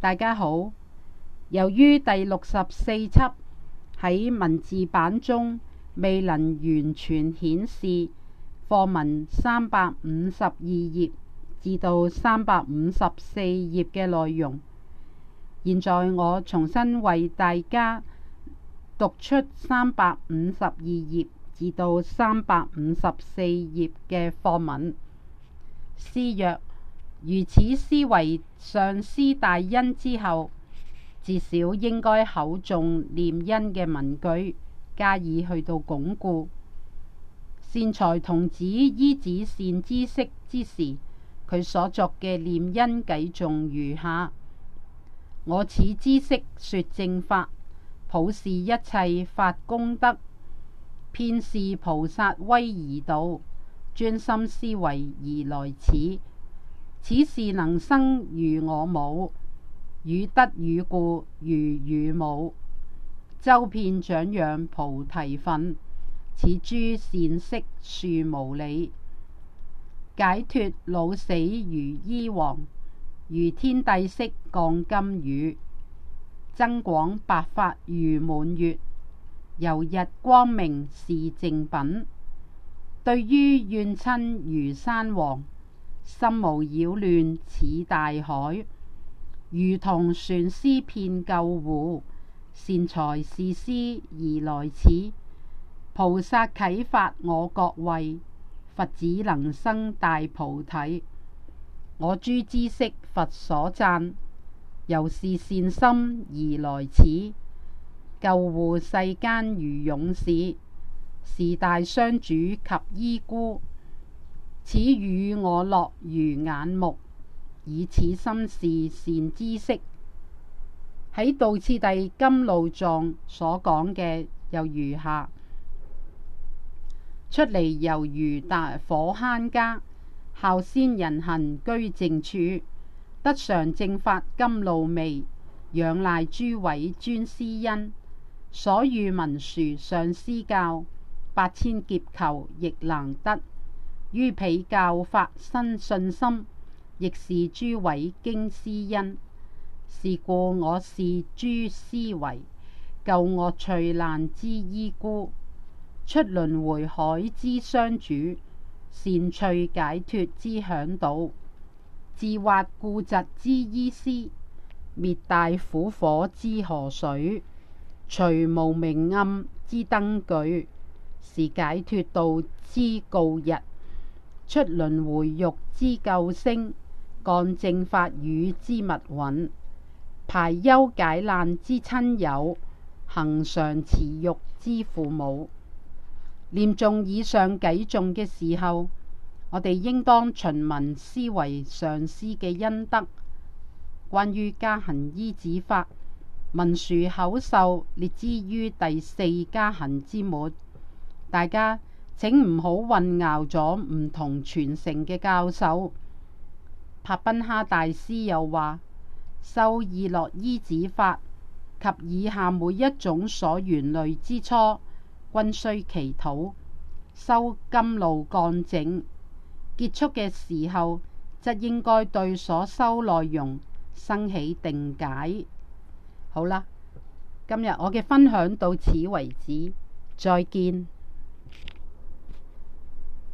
大家好，由於第六十四輯喺文字版中未能完全顯示課文三百五十二頁至到三百五十四頁嘅內容，現在我重新為大家讀出三百五十二頁至到三百五十四頁嘅課文。詩曰。如此思維上思大恩之後，至少應該口重念恩嘅文句，加以去到鞏固善財童子依止善知識之時，佢所作嘅念恩偈頌如下：我此知識說正法，普示一切法功德，遍示菩薩威儀道，專心思維而來此。此是能生如我母，與德乳故如乳母，周遍長養菩提分，此諸善識遮無利，解脫老死如醫王，如天帝釋降甘雨，增廣白法如滿月，猶日光明示靜品，對於怨親如山王。心無擾亂，似大海；如同船師，遍救護。善財是師而來此，菩薩啟發我各位，佛子能生大菩提。我諸知識佛所讚，由是善心而來此，救護世間如勇士，是大相主及依孤。此語我樂如眼目，以此心事善知識。喺道次第甘露藏所講嘅又如下：出嚟猶如大火坑家，孝先人行居正處，得常正法甘露味，仰賴諸位尊師恩。所遇文殊上師教，八千劫求亦難得。於彼教法生信心，亦是諸位經師恩。是故我是諸思維，救惡趣難之依孤，出輪回海之相主，善趣解脫之嚮導，自惑固疾之醫師，滅大苦火之河水，除無明暗之燈舉，是解脫道之告日。出輪迴獄之救星，降正法雨之密雲，排憂解難之親友，恒常慈育之父母。念誦以上幾種嘅時候，我哋應當循文思維上師嘅恩德。關於加行依止法，文殊口授列之於第四加行之末。大家。請唔好混淆咗唔同傳承嘅教授。帕賓哈大師又話：修二樂依止法及以下每一種所緣類之初，均需祈禱；修甘露乾淨結束嘅時候，就應該對所修內容生起定解。好啦，今日我嘅分享到此為止，再見。